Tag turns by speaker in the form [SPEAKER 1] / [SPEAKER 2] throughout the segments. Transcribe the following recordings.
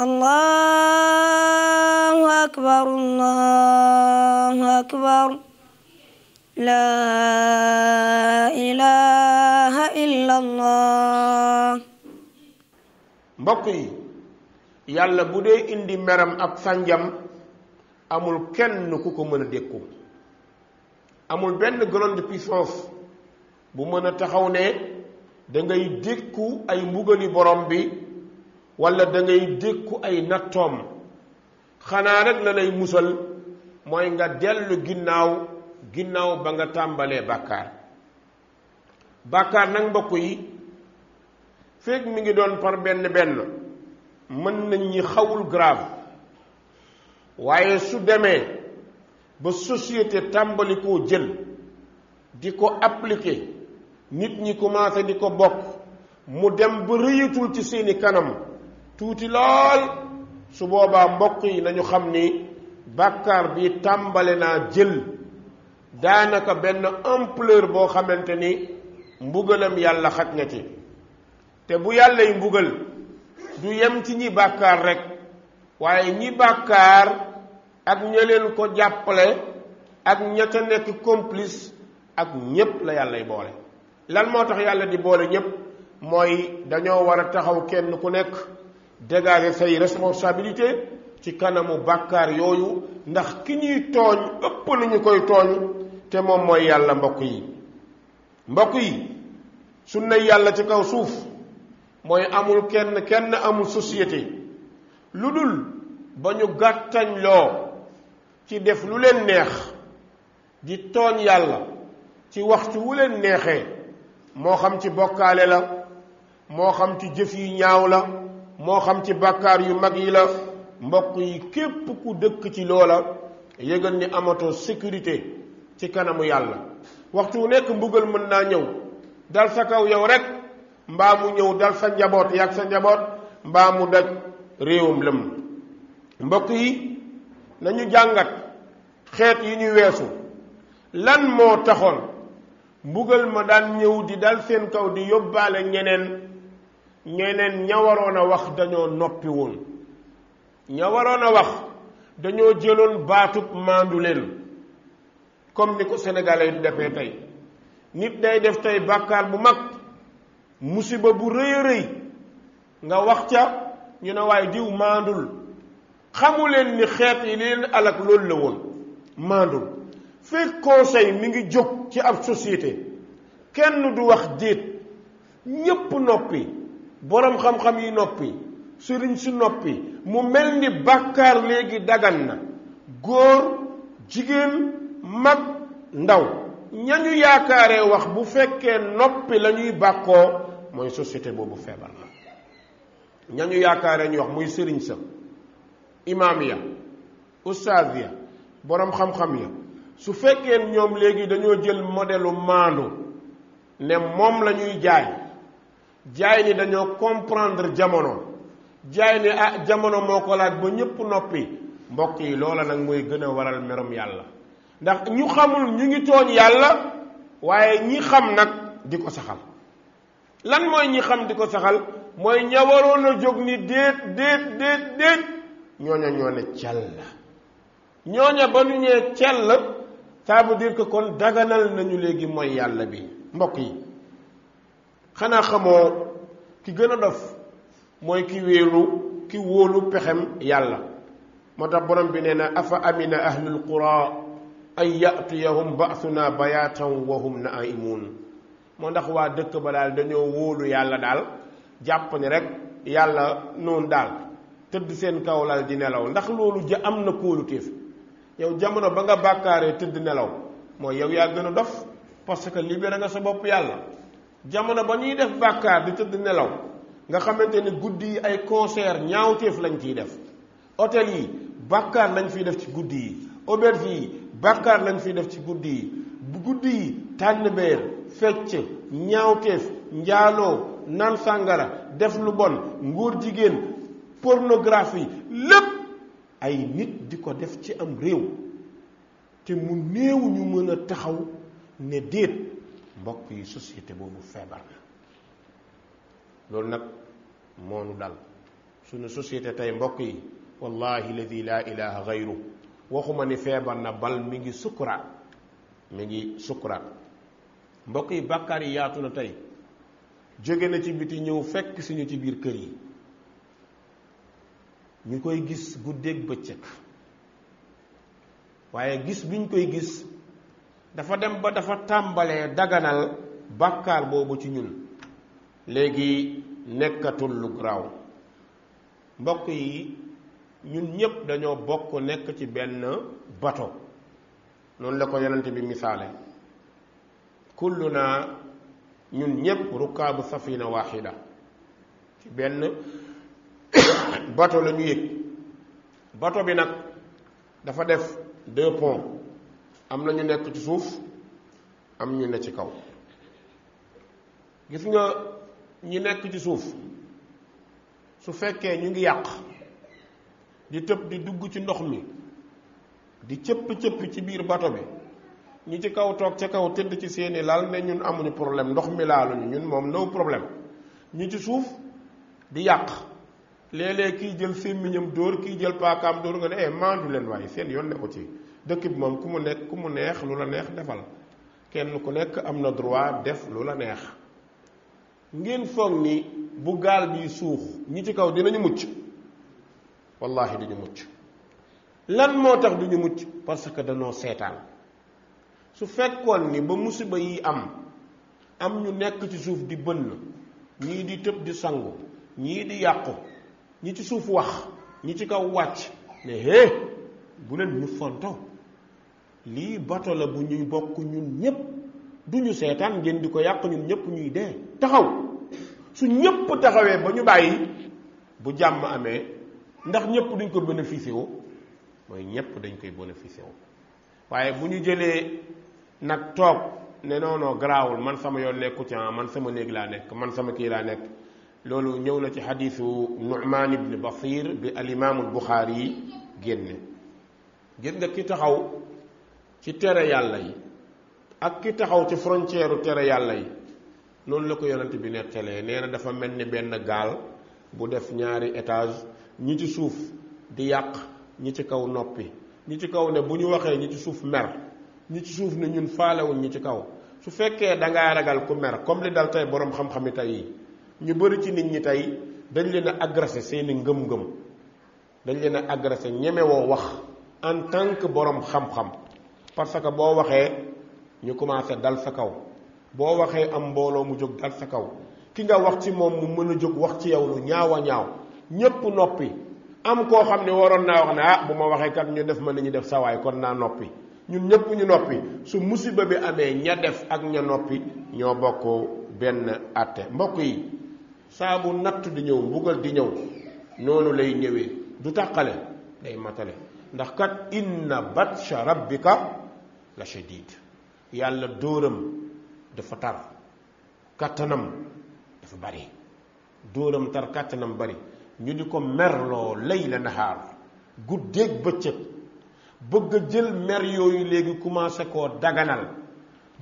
[SPEAKER 1] allahu akbar allahu akbar laa ilaha illa allah mbokk yi yàlla bu dee indi meram ak sànjam amul kenn ku ko mën a dékku amul benn grande puissance bu mën a taxaw ne da ngay dékku ay mbugali borom bi wala da ngay dékku ay nattom xanaa rek la lay musal mooy nga dellu ginnaaw ginnaaw ba nga tàmbalee bàkkaar bàkkaar nag mbokk yi fekk mi ngi doon par benn benn mën nañ ñi xawul grave waaye su demee ba société tàmbali koo jël di ko appliquer nit ñi commencé di ko bokk mu dem ba rëyatul ci seeni kanam tuuti lool su boobaa mbokk yi nañu xam ni bàkkaar bi tàmbale naa jël daanaka benn ampleur boo xamante ni mbugalam yàlla xaj na ci te bu yàllay mbugal du yem ci ñi bàkkaar rek waaye ñi bàkkaar ak ña leen ko jàppale ak ña ca nekk complice ak ñépp la yàllay boole lan moo tax yàlla di boole ñépp mooy dañoo war a taxaw kenn ku nekk dégager say responsabilité ci kanamu bàkkaar yooyu ndax ki ñuy tooñ ëpp lu koy tooñ te moom mooy yàlla mbokk yi mbokk yi na yàlla ci kaw suuf mooy amul kenn kenn amul société lu dul ba ñu gàttañ loo ci def lu leen neex di tooñ yàlla ci waxtu wu leen neexee moo xam ci bokkaale la moo xam ci jëf yu ñaaw la moo xam ci bàkkaar yu mag yi la mbokk yi képp ku dëkk ci loola yëgal ni amatoo sécurité ci kanamu yàlla waxtu wu nekk mbugal mën naa ñëw dal sa kaw yow rekk mbaa mu ñëw dal sa njaboot yàgg sa njaboot mbaa mu daj réewum lëm mbokk yi nañu jàngat xeet yi ñu weesu lan moo taxoon mbugal ma daan ñëw di dal seen kaw di yóbbaale ñeneen ñeneen ña waroon a wax dañoo noppi woon ña waroon a wax dañoo jëloon baatub maandu leen comme ni ko sénégalais yi di defee tey nit day def tey bàkkaar bu mag musiba bu rëy a rëy nga wax ca ñu ne waaye diw maandul xamu leen ni xeet yi li leen alak loolu la woon maandul fekk conseil mi ngi jóg ci ab société kenn du wax déet ñépp noppi borom xam-xam yi noppi sëriñ si noppi mu mel ni bàkkaar léegi dagan na góor jigéen mag ndaw ñañu yaakaaree wax bu fekkee noppi lañuy bàkkoo mooy société boobu feebar na ñañu yaakaaree ñu wax muy sëriñ sa imaam ya ustaaz ya borom xam-xam ya su fekkee ñoom léegi dañoo jël modelu maandu ne moom lañuy jaay jaay ni dañoo comprendre jamono jaay ni ah jamono moo ko laaj ba ñëpp noppi mbokk yi loola nag mooy gën a waral merum yàlla ndax ñu xamul ñu ngi tooñ yàlla waaye ñi xam nag di ko saxal lan mooy ñi xam di ko saxal mooy ña waroon a jóg ni déet déet déet déet ñooña ñoo ne cell ñooña ba ñu ñee cell ça veut dire kon daganal nañu léegi mooy yàlla bi mbokk yi xanaa xamoo ki gën a dof mooy ki wéeru ki wóolu pexem yàlla moo tax borom bi nee na afa amina ahlul qura an yatiyahum basuna bayatan wahum naimun moo ndax waa dëkk ba daal dañoo wóolu yàlla daal jàpp rek yàlla noonu daal tëdd seen kaw lal di nelaw ndax loolu ja am na kóolutéef yow jamono ba nga bàkkaaree tëdd nelaw mooy yow yaa gën dof parce que libéré nga sa bopp yàlla jamono ba ñuy def bàkkaar di tëdd nelaw nga xamante ni guddi yi ay concert ñaawteef lañ ciy def hôtel yi lañ fiy def ci guddi yi auberge bàkkaar lañ fiy def ci guddi yi bu guddi yi tànnbeer fecc ñaawteef njaaloo naan sàngara def lu bon ngóor jigéen pornographie lépp ay nit di ko def ci am réew te mu néew ñu mën a taxaw ne déet mbokk yi société boobu feebar na loolu nag moonu dal suñu société tey mbokk yi wallahi ladi laa ilaha gayru waxuma ni feebar na bal mi ngi sukkuraat mi ngi sukkuraat mbokk yi bàkkaar yi yaatu na tey jóge na ci biti ñëw fekk suñu ci biir kër yi ñu koy gis guddeeg bëccëg waaye gis biñ koy gis dafa dem ba dafa tàmbalee daganal bàkkaar boobu ci ñun léegi nekkatul lu garaaw mbokk yi ñun ñépp dañoo bokk nekk ci benn bato noonu la ko yonent bi misaale kulluna ñun ñépp rukkaabu safina waaxida ci benn bato la ñu yëg bato bi nag dafa def deux ponts am na ñu nekk ci suuf am ñu ne ci kaw gis nga ñi nekk ci suuf su fekkee ñu ngi yàq di tëb di dugg ci ndox mi di cëpp-cëpp ci biir bato bi ñi ci kaw toog ca kaw tëdd ci seeni lal ne ñun amuñu problème ndox mi laaluñu ñun moom no problème ñi ci suuf di yàq léeg-léeg kii jël sémmiñam dóor kii jël paakaam dóor nga ne eh maandu leen waaye seen yoon ne ko ci dëkk bi moom ku mu nekk ku mu neex lu la neex defal kenn ku nekk am na droit def lu la neex ngeen foog ni bu gaal bi suux ñi ci kaw dinañu mucc wallahi duñu mucc lan moo tax duñu mucc parce que danoo seetaan su fekkoon ni ba musiba yi am am ñu nekk ci suuf di bënn ñii di tëb di sangu ñii di yàqu ñi ci suuf wax ñi ci kaw wàcc ne hé bu leen ñu fonto lii bato la bu ñuy bokk ñun ñépp du ñu seetaan ngeen di ko yàq ñun ñépp ñuy dee taxaw su ñépp taxawee ba ñu bàyyi bu jàmm amee ndax ñépp duñ ko bénéficié wu mooy ñépp dañ koy bénéficié wu waaye bu ñu jëlee nag toog ne noonoo garaawul man sama yoon nekku ci ah, man sama néeg laa nekk man sama kii laa nekk loolu ñëw na ci xadiisu Nu'maan ibn Basiir bi alimaamu Buxaari yi génne gis nga ki taxaw ci tere yàlla yi ak ki taxaw ci frontière tere yàlla yi noonu la ko yonent bi nettalee nee na dafa mel ni benn gaal bu def ñaari étage ñi ci suuf di yàq ñi ci kaw noppi ñi ci kaw ne bu ñu waxee ñi ci suuf mer ñi ci suuf ne ñun faalewuñ ñi ci kaw su fekkee da ngaa ragal ku mer comme li dal tey boroom xam-xami tey ñu bëri ci nit ñi tey dañ leen a agressé seeni ngëm-ngëm dañ leen a agressé ñemewoo wax en tant que boroom xam-xam parce que boo waxee ñu commencé dal sa kaw boo waxee am mbooloo mu jóg dal sa kaw ki nga wax ci moom mu mën a jóg wax ci yow lu ñaaw a ñaaw ñépp noppi am koo xam ne waroon naa wax ne ah bu ma waxee kat ñu def ma li ñu def sawaay kon naa noppi ñun ñépp ñu noppi su musiba bi amee ña def ak ña noppi ñoo bokk benn àtte mbokk yi saabu natt di ñëw mbugal di ñëw noonu lay ñëwee du tàqale day matale ndax kat inna batsha ka la shadid yàlla dóoram dafa tar kàttanam dafa bari dóoram tar kàttanam bari ñu di ko merloo lay la naxaar guddeeg bëccëg bëgg a jël mer yooyu léegi commencé koo daganal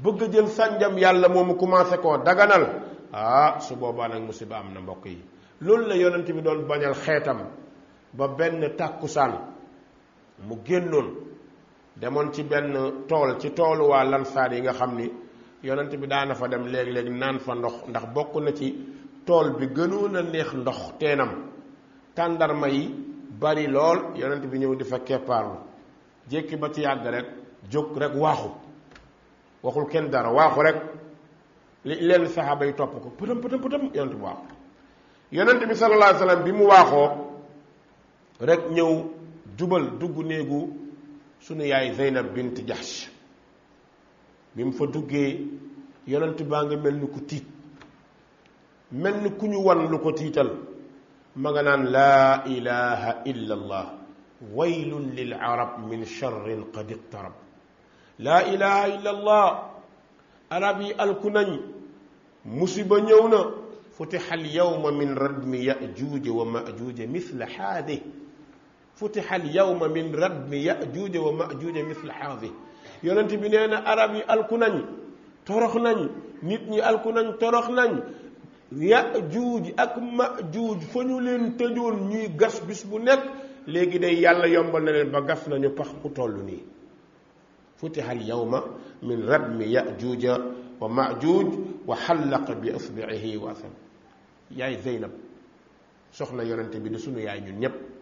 [SPEAKER 1] bëgg a jël sànjam yàlla moomu commencé koo daganal ah su boobaa nag musiba am na mbokk yi loolu la yonent bi doon bañal xeetam ba benn tàkkusaan mu génnoon demoon ci benn tool ci toolu waa lansaar yi nga xam ni yonent bi daana fa dem léeg-léeg naan fa ndox ndax bokk na ci tool bi gënoon a neex ndox teenam tàndarma yi bari lool yonent bi ñëw di fa keppaarlu jékki ba ci yàgg rek jóg rek waaxu waxul kenn dara waaxu rek li leen saxaaba yi topp ko pëtëm pëtëm pëtëm yonent bi waaxu yonent bi sallallahu alayhi bi mu waaxoo rekk ñëw jubal dugg néegu sunu yaay Zeynab bint Jahsh bi mu fa duggee yonent mel ni ku tiit mel ni ku ñu wan lu ko tiital ma nga naan laa ilaha illa allah waylun lil arab min charrin qad iqtarab laa ilaha illa allah arab yi alku nañ musiba ñëw na al yawma min radmi yajuuja wa majuuja mithla haadih futiha al yawma min radmi yajuuja wa majuuja misla haadi yonent bi nee arab yi alku nañ torox nañ nit ñi alku nañ torox nañ yajuuj ak majuuj fa ñu leen tëjoon ñuy gas bis bu nekk léegi dey yàlla yombal na leen ba gas nañu pax bu toll nii futiha al yawma min radmi yajuuja wa majuuj wa xallaqa bi asbiihi wa asal yaay Zeynab soxna yonent bi di sunu yaay ñun ñépp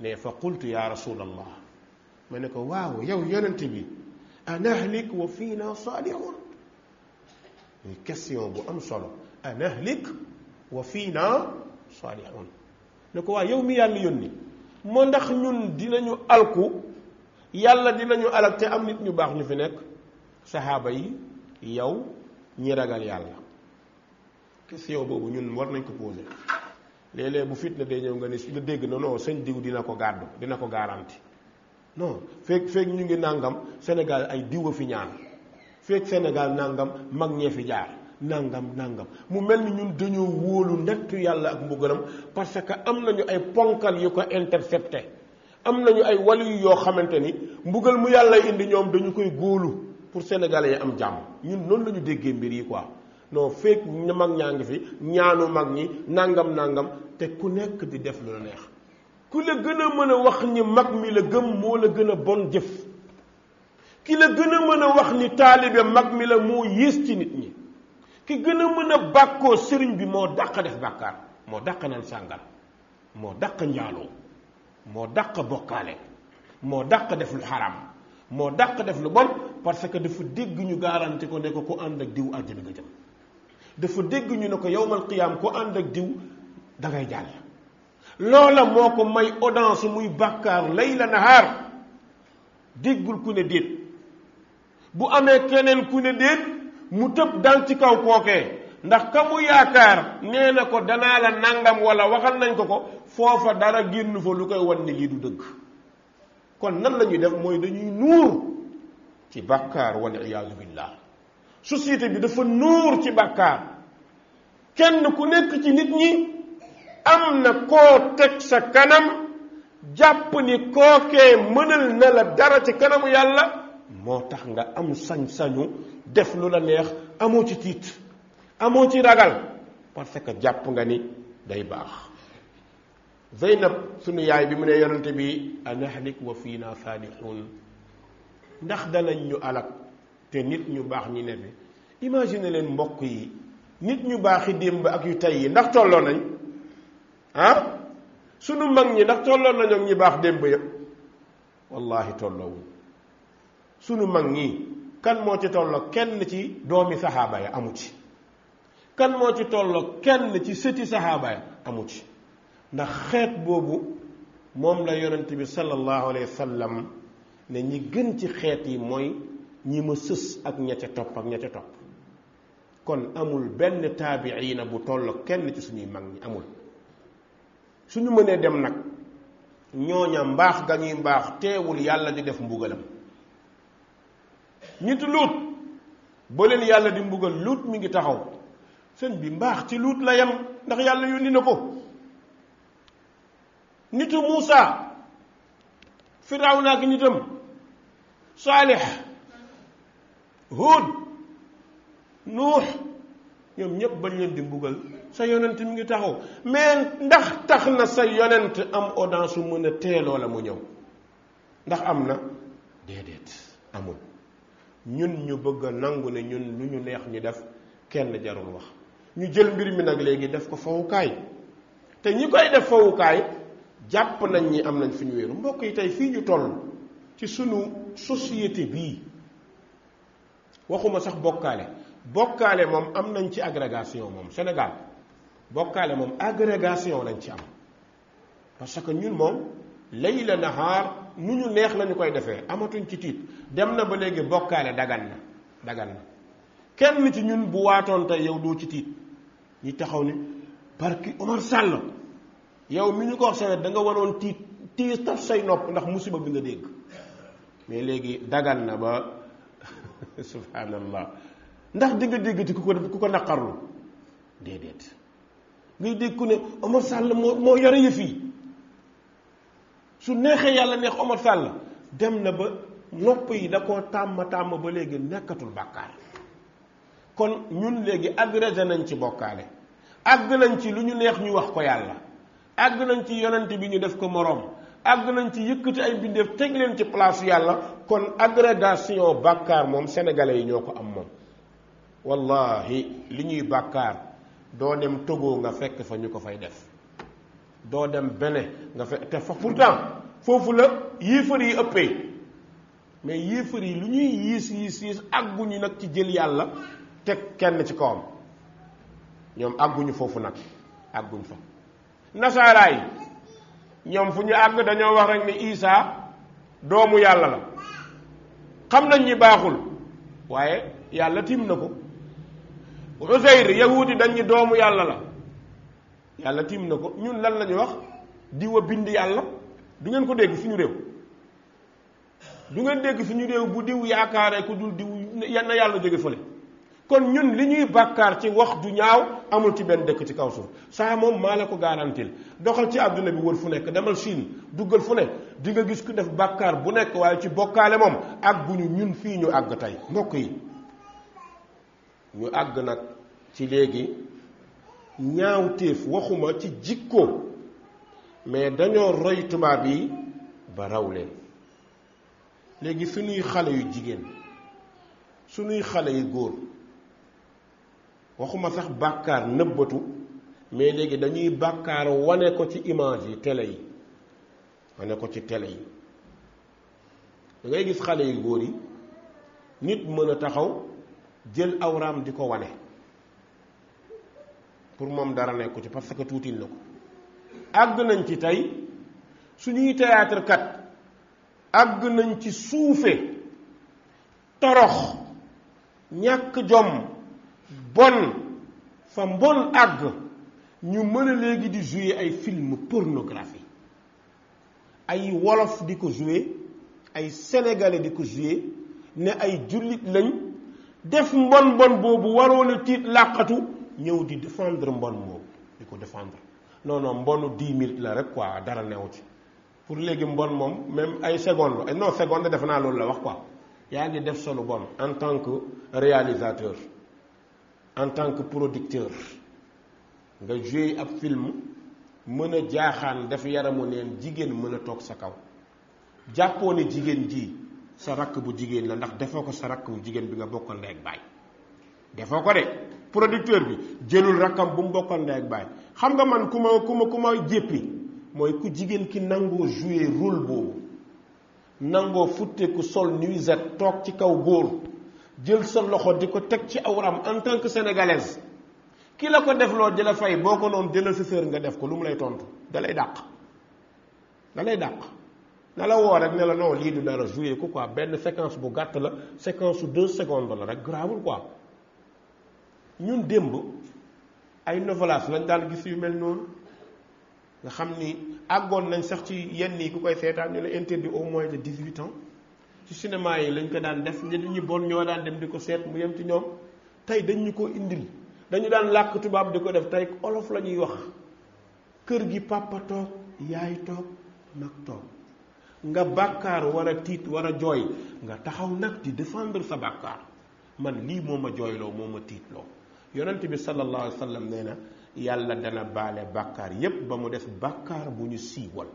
[SPEAKER 1] ne fa qultu ya rasulallah ma ne ko waaw yow yonent bi anahlik wa fiina saalihun muy question bu am solo anahlik wa fiina saalihun ne ko waaw yow mi yàlla yónni moo ndax ñun dinañu alku yàlla dinañu alak te am nit ñu baax ñu fi nekk saxaaba yi yow ñi ragal yàlla question boobu ñun war nañ ko poser léeg-léeg bu fitna dee ñëw nga ni nga dégg na non sëñ diw dina ko gàddu dina ko garanti non feeg feeg ñu ngi nangam Sénégal ay diw a fi ñaan feeg Sénégal nangam mag ñee fi jaar nangam nangam mu mel ni ñun dañoo wóolu nettu yàlla ak mbugalam parce que am nañu ay ponkal yu ko intercepté am nañu ay waliyu yoo xamante ni mbugal mu yàlla indi ñoom dañu koy góolu pour sénégalais yi am jàmm ñun noonu lañu ñu déggee mbir yi quoi non fekk mag ñaa ngi fi ñaanu mag ñi nangam nangam te ku nekk di def lu neex ku la gën a mën a wax ni mag mi la gëm moo la gën a bon jëf ki la gën a mën a wax ni taalibe mag mi la moo yées ci nit ñi ki gën a mën a bàkkoo sëriñ bi moo dàq def bàkkaar moo dàq naan sàngar moo dàq njaaloo moo dàq bokkaale moo dàq def lu xaram moo dàq def lu bon parce que dafa dégg ñu garanti ko ne ko ku ànd ak diw àjjana nga jëm dafa dégg ñu ne ko yowmal qiyaam ko ànd ak diw da ngay jàll loola moo ko may audience muy bàkkaar layla nahaar déggul ku ne déet bu amee keneen ku ne déet mu tëb dal ci kaw kookee ndax ka mu yaakaar nee na ko danaa la nangam wala waxal nañ ko ko foofa dara génn fa lu koy wan ne lii du dëgg kon nan la ñuy def mooy dañuy nuur ci bàkkaar wal iyaadu billah société bi dafa nuur ci bàkkaar kenn ku nekk ci nit ñi am na koo teg sa kanam jàpp ni kookee mënal na la dara ci kanamu yàlla moo tax nga am sañ-sañu def lu la neex amoo ci tiit amoo ci ragal parce que jàpp nga ni day baax Zeynab sunu yaay bi mu ne yonante bi anahlik wa fii na saalihun ndax danañ ñu alak te nit ñu baax ñi ne fi imagine leen mbokk yi nit ñu baax baaxi démb ak yu tey yi ndax tolloo nañ ah sunu mag ñi ndax tolloo nañu ak ñi baax démb yëpp wallahi tolloowuñ sunu mag ñi kan moo ci tolloo kenn ci doomi saxaaba ya amu ci kan moo ci tolloo kenn ci sëti saxaaba ya amu ci ndax xeet boobu moom la yonent bi sallallahu alayhi wa sallam ne ñi gën ci xeet yi mooy ñi ma sës ak ña ca topp ak ña ca topp kon amul benn taabiina bu tolloo kenn ci suñuy mag ñi amul su ñu mënee dem nag ñooña mbaax ga ñuy mbaax teewul yàlla di def mbugalam nit luut ba yàlla di mbugal luut mi ngi taxaw seen bi mbaax ci luut la yem ndax yàlla yónni na ko nitu Muusa Firawna ak nitam Saalix Huud Nuux ñoom ñëpp bañ leen di mbugal sa yonent mi ngi taxaw mais ndax tax na sa yonent am audience su mën a teeloo la mu ñëw ndax am na déedéet amul ñun ñu bëgg a nangu ne ñun lu ñu neex ñu def kenn jarul wax ñu jël mbir mi nag léegi def ko fawukaay te ñi koy def fowukaay jàpp nañ ñi am nañ fi ñu weeru mbokk yi tey fii ñu toll ci suñu société bii waxuma sax bokkaale bokkaale moom am nañ ci agrégation moom Sénégal bokkaale moom agrégation lañ ci am parce que ñun moom layla nahaar nu ñu neex lañu koy defee amatuñ ci tiit dem na ba léegi bokkaale dagan na dagan na kenn ci ñun bu waatoon tey yow doo ci tiit ñi taxaw ni parce que Omar Sall yow mi ñu ko wax sawet da nga waroon tiit tiis taf say nopp ndax musiba bi nga dégg mais léegi dagan na ba subhanallah ndax di nga dégg ci ku ko ku ko naqarlu déedéet ngay dégg ku ne Omar Sall moo moo yore yëf yi su neexee yàlla neex Omar Sall dem na ba nopp yi da koo tàmm tàmm ba léegi nekkatul bàkkaar kon ñun léegi agrégé nañ ci bokkaale àgg nañ ci lu ñu neex ñu wax ko yàlla àgg nañ ci yonent bi ñu def ko moroom àgg nañ ci yëkkati ay mbindeef teg leen ci place yàlla kon agrégation bàkkaar moom sénégalais yi ñoo ko am moom wallahi li ñuy bàkkaar doo dem Togo nga fekk fa ñu ko fay def doo dem bene nga fekk te fa pourtant foofu la yéefar yi ëppee mais yéefar yi lu ñuy yiis yiis yiis àgguñu nag ci jël yàlla teg kenn ci kawam ñoom àgguñu foofu nag àgguñ fa nasaara yi ñoom fu ñu àgg dañoo wax rekk ni Isaa doomu yàlla la xam nañ ñi baaxul waaye yàlla tiim na ko Useyr yahuudi dañ ñi doomu yàlla la yàlla tiim na ko ñun lan lañu wax diwa bind yàlla du ngeen ko dégg suñu réew du ngeen dégg suñu réew bu diw yaakaaree ku dul diw yenn yàlla jóge fële kon ñun li ñuy bàkkaar ci wax ju ñaaw amul ci benn dëkk ci kaw suuf saa moom maa la ko garantil doxal ci àdduna bi wër fu nekk demal siin duggal fu ne di gis ku def bàkkaar bu nekk waaye ci bokkaale moom ak bu ñun fii ñu àgg tey mbokk yi ñu àgg nag ci léegi ñaawteef waxuma ci jikko mais dañoo roy tubaab yi ba raw leen léegi suñuy xale yu jigéen suñuy xale yu góor waxuma sax bàkkaar nëbbatu mais léegi dañuy bàkkaar wane ko ci image yi tele yi ma ko ci télé yi da ngay gis xale yu góor yi nit mën a taxaw jël awraam di ko wane pour moom dara ko ci parce que tuutil na ko àgg nañ ci tey suñuy théâtre kat àgg nañ ci suufe torox ñàkk jom bon fa mbon àgg ñu mën a léegi di jouer ay film pornographie ay wolof di ko joué ay sénégalais di ko joué ne ay jullit lañ def mbon mbon boobu waroon a tiit làqatu ñëw di défendre mbon boobu di ko défendre non non mbonu dix minutes la rek quoi dara newu ci pour léegi mbon moom même ay seconde non seconde def naa loolu la wax quoi yaa ngi def solo bon en tant que réalisateur en tant que producteur nga joué ab film mën a jaaxaan daf yaramu neen jigéen mën a toog sa kaw jàppoo ne jigéen ji sa rakk bu jigéen la ndax defoo ko sa rakk bu jigéen bi nga bokkoon ndey ak baay defoo ko de producteur bi jëlul rakkam bu mu bokkal ndey ak baay xam nga man ku ma ku ma ku ma jéppi mooy ku jigéen ki nangoo jouer rôle boobu nangoo futteeku sol nuisette toog ci kaw góor jël sa loxo di ko teg ci awram en tant que sénégalaise ki la ko defloo di la fay boo ko noonu jëlal sa sër nga def ko lu mu lay tontu da lay dàq da lay dàq na rek ne la non lii du dara ku ko benn séquence bu gàtt la séquence su deux secondes la rek grawul quoi ñun démb ay novelas lañ daan gis yu mel noonu nga xam ni àggoon nañ sax ci yenn yi ku koy seetaan ñu la interdit au moins de dix-huit ans ci cinéma yi lañ ko daan def ñi ñu bon ñoo daan dem di ko seet mu yem ci ñoom tey dañ ñu ko indil dañu daan làkk tubaab di ko def tey olof la ñuy wax kër gi papa toog yaay toog nag toog nga bàkkaar war a tiit war a jooy nga taxaw nag di défendre sa bàkkaar man lii moo ma jooyloo moo ma tiitloo yonent bi sallallahu alayhi wa sallam nee na yàlla dana baale bàkkaar yépp ba mu def bàkkaar bu ñu siiwal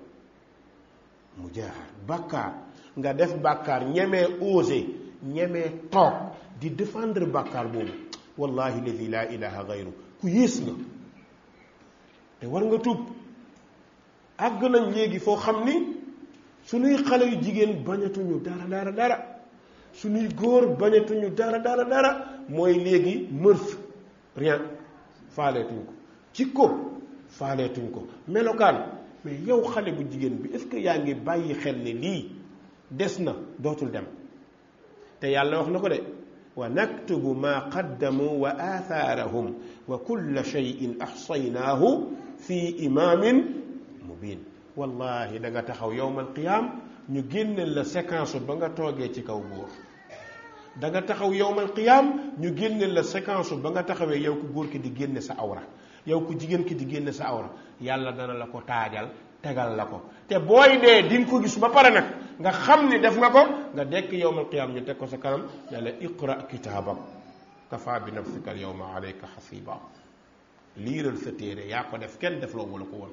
[SPEAKER 1] mu jaaxal bàkkaar nga def bàkkaar ñeme osé ñeme toog di défendre bàkkaar boobu wallahi ladi laa ilaha gayru ku yées la te war nga tuub àgg nañ léegi foo xam ni suñuy xale yu jigéen bañatuñu dara dara dara suñuy góor bañatuñu dara dara dara mooy léegi mœurs rien faaleetuñ ko ci ko faaleetuñ ko melokaan mais yow xale bu jigéen bi est-ce que yaa ngi bàyyi xel ni lii des na dootul dem te yàlla wax na ko de ونكتب ما قدموا وآثارهم وكل شيء أحصيناه في إمام مبين والله دغا taxaw يوم القيام ñu génneel la séquence ba nga toogee ci kaw góor da taxaw yowmal qiyaam ñu génneel la séquence ba nga taxawee yow ku guur ki di génne sa awra yow ku jigéen ki di génne sa awra yàlla dana la ko taajal tegal la ko te booy dee di ko gis ba pare nag nga xam ni def nga ko nga dekk yowmal qiyaam ñu teg ko sa kanam ne la iqra kitaabak kafa bi nag al yowma alayka xasiba liiral sa téere yaa ko def kenn def la wala ko woon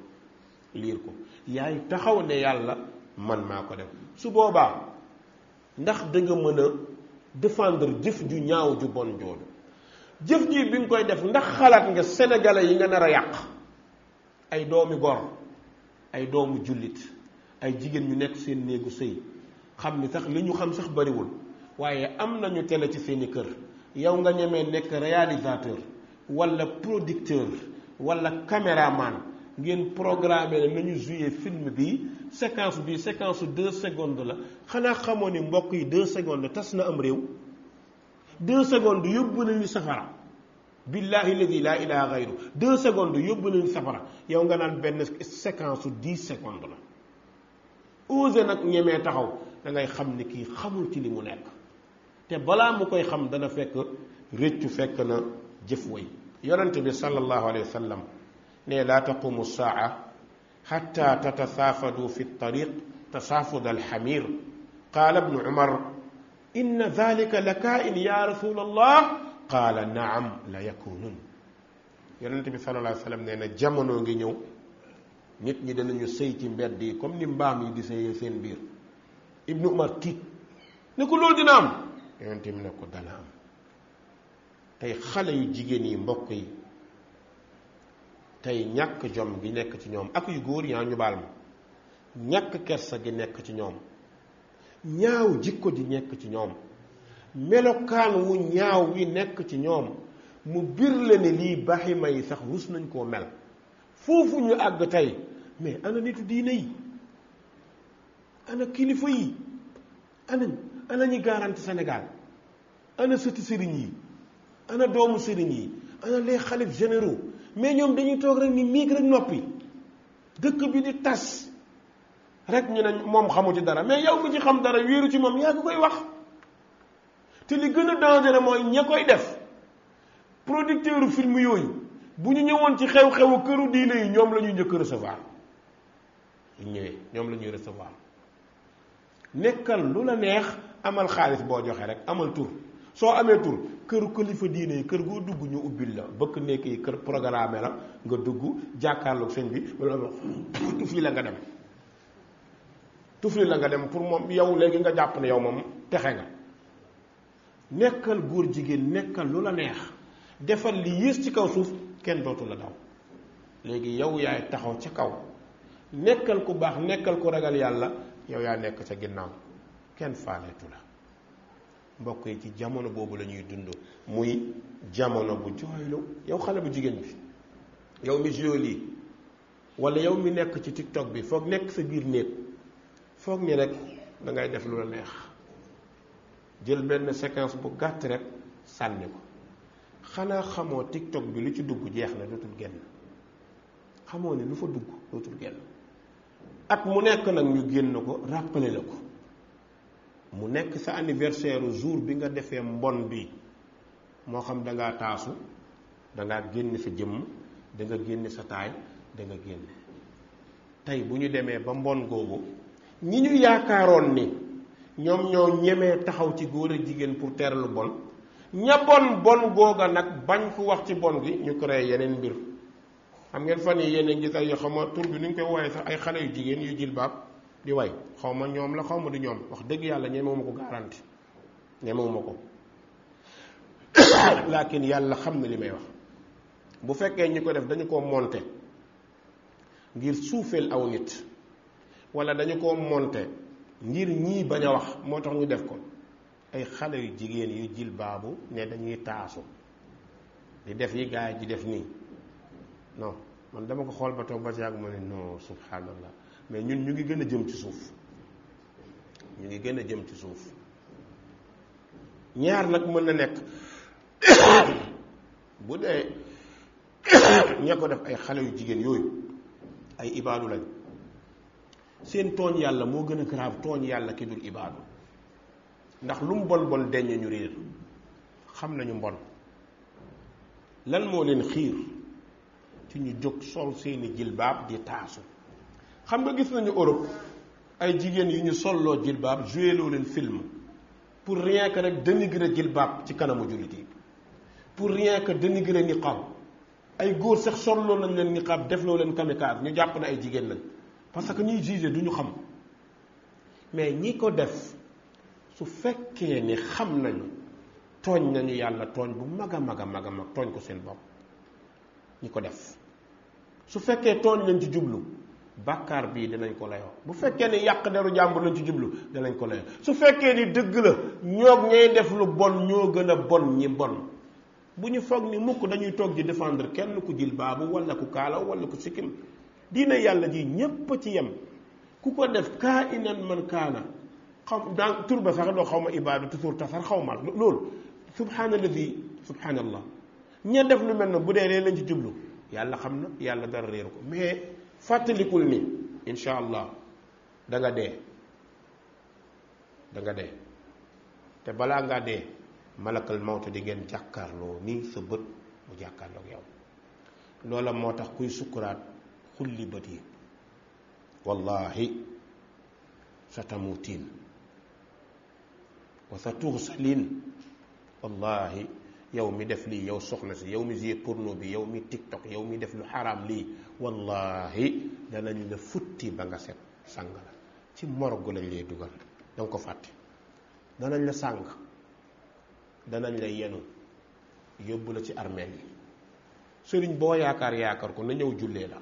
[SPEAKER 1] liir ko yaay taxaw ne yàlla man maa ko def su boobaa ndax da nga mën a jëf ju ñaaw ju bon jooju jëf ji bi nga koy def ndax xalaat nga sénégalais yi nga nar a yàq ay doomi gor ay doomu julit ay jigéen ñu nekk seen néegu sëy xam ni sax li ñu xam sax bariwul waaye am nañu télé ci seeni kër yow nga ñemee nekk réalisateur walla producteur walla caméraman ngeen programmé ne nañu joué film bi séquence bi séquence deux secondes la xanaa xamoon ni mbokk yi deux secondes tas na am réew deux secondes yóbbu nañu safara billahi ladi laa ilaha gayru deux secondes yóbbu nañ safara yow nga naan benn séquence su dix secondes la ose nag ñemee taxaw da ngay xam ni kii xamul ci li mu nekk te balaa mu koy xam dana fekk réccu fekk na jëf way yonente bi sallallahu alayhi wa sallam ne laa taqumu saa xatta tatasaafadu fi tariq tasaafud alxamir qaala ibnu umar inna dalika la kaa ya rasul qaala naam la yakunun yonente bi sallallahu alayhi wa nee na jamono ngi ñëw nit ñi danañu sëy ci mbedd yi comme ni mbaam yi di sëyee seen biir ibnu umar tiit ne ko loolu dina am yonente bi ne ko dana am tey xale yu jigéen yi mbokk yi tey ñàkk jom gi nekk ci ñoom ak yu góor yaa ah, ñu baal ma ñàkk kersa gi nekk ci ñoom ñaaw jikko di nekk ci ñoom melokaan wu ñaaw yi nekk ci ñoom mu bir la ne lii baxima yi sax rus nañ koo mel foofu ñu àgg tey mais ana nitu diine yi ana kilifa yi ana ana ñi garanti Sénégal ana sëti sëriñ yi ana doomu sëriñ yi ana les xalif généraux mais ñoom dañuy toog rek ni miig rek noppi dëkk bi di tas rek ñu ne moom xamu ci dara mais yow mi ci xam dara wéeru ci moom yaa ngi koy wax te li gën a dangereux mooy ña koy def producteur film yooyu bu ñu ñëwoon ci xew-xewu këru diina yi ñoom lañuy njëkk recevoir ñu ñëwee ñoom lañuy ñuy nekkal lu la neex amal xaalis boo joxe rek amal tur soo amee tur këru kilifa diine yi kër goo dugg ñu ubbil la bëkk nekk kër programme la nga dugg jàkkaarloog sëñ bi wala tufli la nga dem tufli la nga dem pour moom yow léegi nga jàpp ne yow moom texe nga nekkal góor jigéen nekkal lu la neex defal li yées ci kaw suuf kenn dootu la daw léegi yow yaay taxaw ci kaw nekkal ku baax nekkal ku ragal yàlla yow yaa nekk ca ginnaaw kenn faaleetu la mbokk yi ci jamono boobu lañuy ñuy dund muy jamono bu jooylu yow xale bu jigéen bi yow mi joli wala yow mi nekk ci tiktok bi foog nekk sa biir néeg foog ni rek da def lu la neex jël benn séquence bu gàtt rek sànni ko xanaa xamoo tiktok bi lu ci dugg jeex na dootul génn xamoo ne lu fa dugg dootul génn at mu nekk nag ñu génn ko rappelé la ko mu nekk sa anniversaire jour bi nga defee mbon bi moo xam da ngaa taasu da génn sa jëmm danga génn sa taay da génn tey bu ñu demee ba mbon googu ñi ñu yaakaaroon ni ñoom ñoo ñemee taxaw ci góor ak jigéen pour teer lu bon ña bon bon googa nag bañ ko wax ci bon gi ñu créé yeneen mbir xam ngeen fan yi yeneen gis ay yoo xam ma tur bi ni ñu koy wooyee sax ay xale yu jigéen yu jilbaab di way xaw ma ñoom la xaw ma du ñoom wax dëgg yàlla ñemewuma ko garanti ñemewuma ko laakin yàlla xam na li may wax bu fekkee ñi ko def dañu ko monte ngir suufeel aw nit wala dañu ko monte ngir ñii bañ a wax moo tax ñu def ko ay xale yu jigéen yu jil baabu ne dañuy taasu di def yi gaa yi di def nii non man dama ko xool ba toog ba si yàgg ma ne non subhanallah mais ñun ñu ngi gën a jëm ci suuf ñu ngi gën a jëm ci suuf ñaar nag mën na nekk bu dee ña ko def ay xale yu jigéen yooyu ay ibaadu lañ seen tooñ yàlla moo gën a grave tooñ yàlla ki dul ibaadu ndax lu mu bon bon deññ ñu réer xam nañu mbon lan moo leen xiir ci ñu jóg sol seeni jilbaab di taasu xam nga gis nañu Europe ay jigéen yu ñu solloo jilbaab joué loo leen film pour rien que rek dénigrer jilbaab ci kanamu jullit yi pour rien que dénigrer niqaab ay góor sax solloo nañ leen niqaab def loo leen kamikaze ñu jàpp na ay jigéen lañ parce que ñuy juger du ñu xam mais ñi ko def su fekkee ni xam nañu tooñ nañu yàlla tooñ bu mag a mag a mag a mag tooñ ko seen bopp ñi ko def su fekkee tooñ lañ ci jublu bàkkaar bii dinañ ko layoo bu fekkee ni yàq deru jàmbur lañ ci jublu dinañ ko layoo su fekkee ni dëgg la ñoog ñay def lu bon ñoo gën a bon ñi bon bu ñu foog ni mukk dañuy toog di défendre kenn ku jilbaabu wala ku kaalaw walla ku sikkim diina yàlla ji ñépp ci yem ku ko def kaa inan man kaana xaw dans tur ba sax doo xaw ma ibaadu toujours tasar xaw ma loolu subhaanallazi subhaanallah ña def lu mel na bu dee lee lañ ci jublu yàlla xam na yàlla dara réeru ko mais fàttalikul ni incha allah danga nga dee da dee te balaa ngaa dee malakal mawta di ngeen jàkkaarloo nii sa bët mu jàkkaarloog yow loola moo tax kuy sukkuraat xulli bët yi wallahi sa tamutiin wa sa tuxsalin wallahi yow mi def lii yow soxna si yow mi jee porno bi yow mi tiktok yow mi def lu xaraam lii wallahi danañ la futti ba nga set sang la ci morgue lañ lay dugal danga ko fàtte danañ la sàng danañ la yenu yóbbu la ci armeel yi sëriñ boo yaakaar yaakaar ko na ñëw jullee la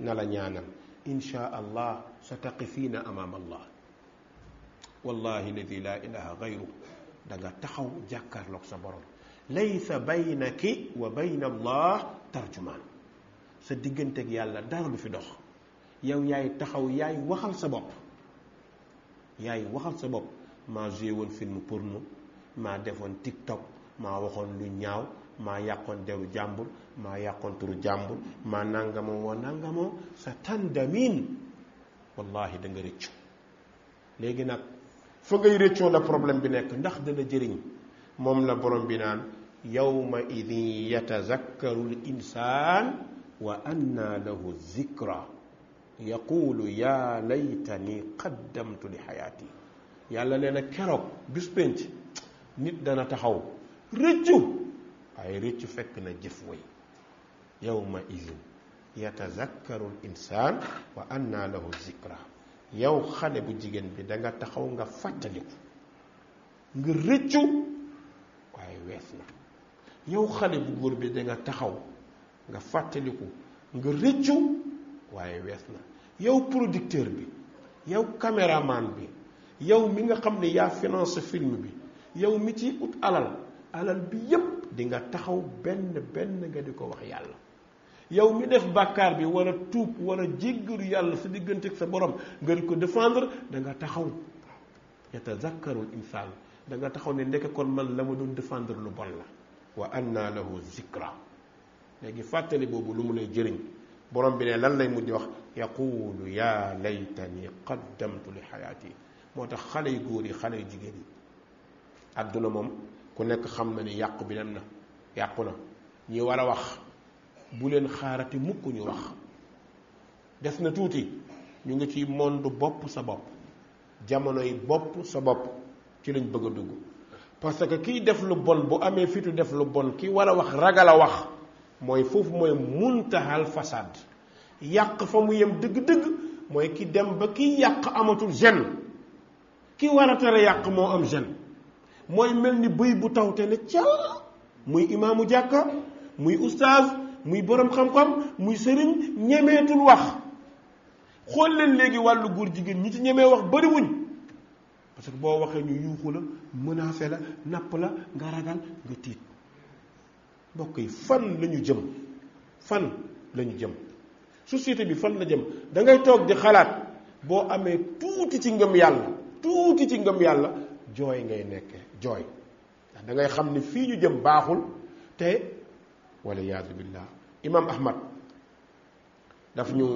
[SPEAKER 1] na la ñaanal insha allah sa taqifiina amaam allah wallahi ladi laa ilaha gayru da nga taxaw jàkkaarloog sa borom laysa baynaki wa bayna allah tarjumaan sa digganteeg yàlla dara lu fi dox yow yaay taxaw yaay waxal sa bopp yaay waxal sa bopp maa joué woon pour porno maa defoon tiktok maa waxoon lu ñaaw maa yàqoon deru jàmbur maa yàqoon turu jàmbur maa nangamoo woo nangamoo sa tandamin wallahi da nga rëccu léegi nag fa ngay rëccoo la problème bi nekk ndax dana jëriñ moom la borom bi naan yawma idin yatazakkaru l insaan wa anna lahu zikra yaqulu yaa laytani qaddamtu li xayaati yàlla nee na keroog bis nit dana taxaw rëccu waaye réccu fekk na jëf way yawma izin yatazakkarul insaan wa anna lahu zikra yow xale bu jigéen bi danga taxaw nga fàttaliku nga rëccu waaye wees na yow xale bu góor bi danga taxaw nga fàttaliku nga rëccu waaye wees na yow producteur bi yow caméraman bi yow mi nga xam ne yaa finance film bi yow mi ci ut alal alal bi yépp di nga taxaw benn benn nga di ko wax yàlla yow mi def bàkkaar bi wala tuub wala jéggalu yàlla sa diggante ak sa borom nga di ko défendre da nga taxaw yatazakkarul insaan da danga taxaw ne ndeke kon man la ma dul défendre lu bon la wa anna lahu zikra léegi fàttali boobu lu mu lay jëriñ borom bi ne lan lay mujj wax ya yaa laytani qaddamtu li xayaati moo tax xale yu góor yi xale yu jigéen yi àdduna moom ku nekk xam na ni yàqu bi dem na yàqu na ñi war a wax bu leen xaarati mukk ñu wax des na tuuti ñu ngi ci monde bopp sa bopp jamono yi bopp sa bopp ci lañ bëgg a dugg parce que kiy def lu bon bu amee fitu def lu bon ki war a wax ragal a wax mooy foofu mooy muntaxal fasaad yàq fa mu yem dëgg-dëgg mooy ki dem ba kiy yàq amatul gêne ki war a tere yàq moo am gêne mooy mel ni bëy bu taw te ne cal muy imaamu jàkka muy ustaaz muy borom xam-xam muy sëriñ ñemeetul wax xool leen léegi wàllu góor jigéen ñi ci ñemee wax bariwuñ parce que boo waxee ñu yuuxu la menacé la napp la nga ragal nga tiit mbokk yi fan lañu jëm fan lañu jëm société bi fan la jëm da ngay toog di xalaat boo amee tuuti ci ngëm yàlla tuuti ci ngëm yàlla jooy ngay nekke jooy ndax da ngay xam ni fii ñu jëm baaxul te wala yaadu billah imam ahmad daf ñu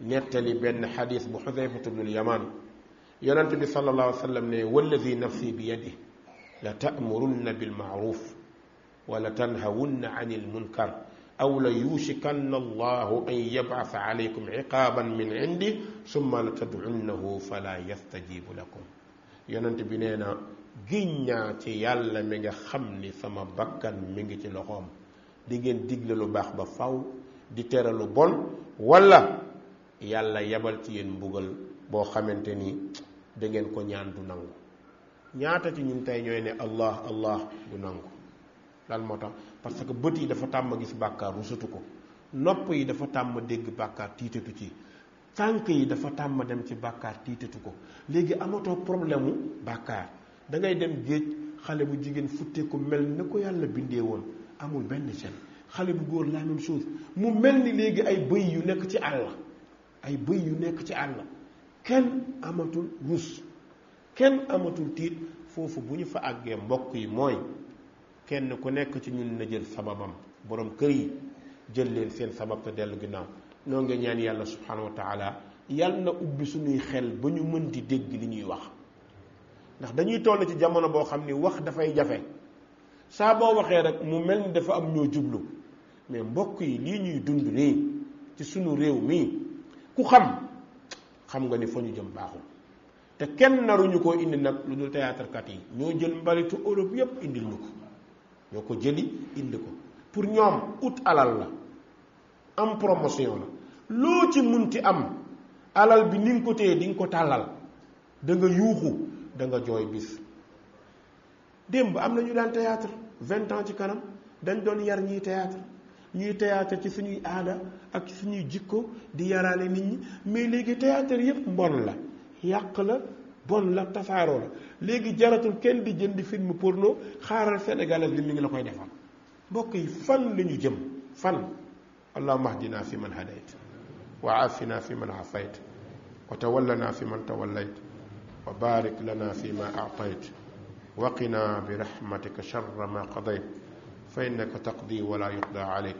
[SPEAKER 1] nettali benn xadis bu xudayfatu bnul yaman yonent bi sallallahu alayhi wa sallam ne wallazi nafsi bi yadi la taamurunna bilmaaruf wala tanhawunna an ilmunkar aw la yuushikanna allahu an yabasa alaykum ciqaaban min indi summa la tadcunnahu fala yastajibu lakum yonent bi nee na giñ naa ci yàlla mi nga xam ni sama bakkan mi ngi ci loxoom di ngeen digle lu baax ba faw di tere lu bon wala yàlla yebal ci yéen mbugal boo xamante ni dangeen ko ñaan du nangu ñaata ci ñun tey ñooy ne allah allah du nangu lan moo tax parce que bët yi dafa tàmm gis bàkkaar rusatu ko nopp yi dafa tàmm dégg bàkkaar tiitatu ci tànk yi dafa tàmm dem ci bàkkaar tiitatu ko léegi amatoo problème mu bàkkaar da ngay dem géej xale bu jigéen futteeku mel na ko yàlla bindee woon amul benn seen xale bu góor la même chose mu mel ni léegi ay bëy yu nekk ci àll ay bëy yu nekk ci àll kenn amatul rus kenn amatul tiit foofu bu ñu fa àggee mbokk yi mooy kenn ku nekk ci ñun na jël sababam borom kër yi jël leen seen sabab te dellu ginnaaw noo nga ñaan yàlla subhanahu wa taala yàlla na ubbi suñuy xel ba ñu mën di dégg li ñuy wax ndax dañuy toll ci jamono boo xam ni wax dafay jafe saa boo waxee rek mu mel ni dafa am ñoo jublu mais mbokk yi lii ñuy dund nii ci suñu réew mii ku xam xam nga ni foo ñu jëm baaxul te kenn naruñu ko indi nag lu ñu théâtre yi ñoo jël mbaritu Europe yëpp indi ñu ko ñoo ko jëli indi ko pour ñoom ut alal la am promotion la loo ci mun ci am alal bi ni nga ko téye di nga ko tàllal da nga yuuxu da nga jooy bis démb am na ñu daan théâtre vingt ans ci kanam dañ doon yar ñiy théâtre ñuy théâtre ci suñuy aada ak ci suñuy jikko di yaraale nit ñi mais léegi théâtre yépp mbon la yàq la bon la tasaaroo la léegi jaratul kenn di jënd film porno xaaral sénégalais li mi ngi la koy defal mbokk yi fan la jëm fan allahumma ahdina fi man hadayt وعافنا فيمن عافيت وتولنا فيمن توليت وبارك لنا فيما أعطيت وقنا برحمتك شر ما قضيت فإنك تقضي ولا يقضى عليك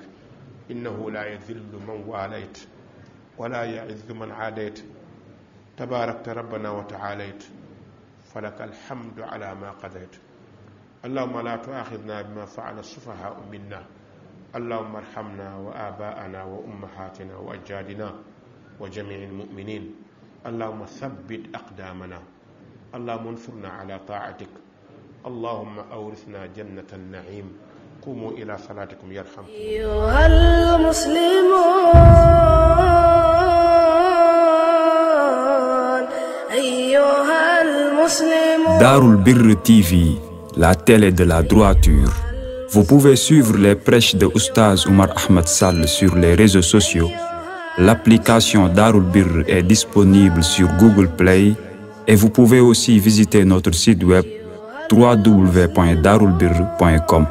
[SPEAKER 1] إنه لا يذل من واليت ولا يعز من عاديت تباركت ربنا وتعاليت فلك الحمد على ما قضيت اللهم لا تؤاخذنا بما فعل السفهاء منا اللهم ارحمنا وآباءنا وأمهاتنا وأجدادنا وجميع المؤمنين اللهم ثبت أقدامنا اللهم انصرنا على طاعتك اللهم أورثنا جنة النعيم قوموا إلى صلاتكم يرحمكم أيها المسلمون أيها المسلمون دار البر تي في لا télé de la droiture Vous pouvez suivre les prêches de Oustaz Oumar Ahmed Sall sur les réseaux sociaux. L'application Darul Bir est disponible sur Google Play et vous pouvez aussi visiter notre site web com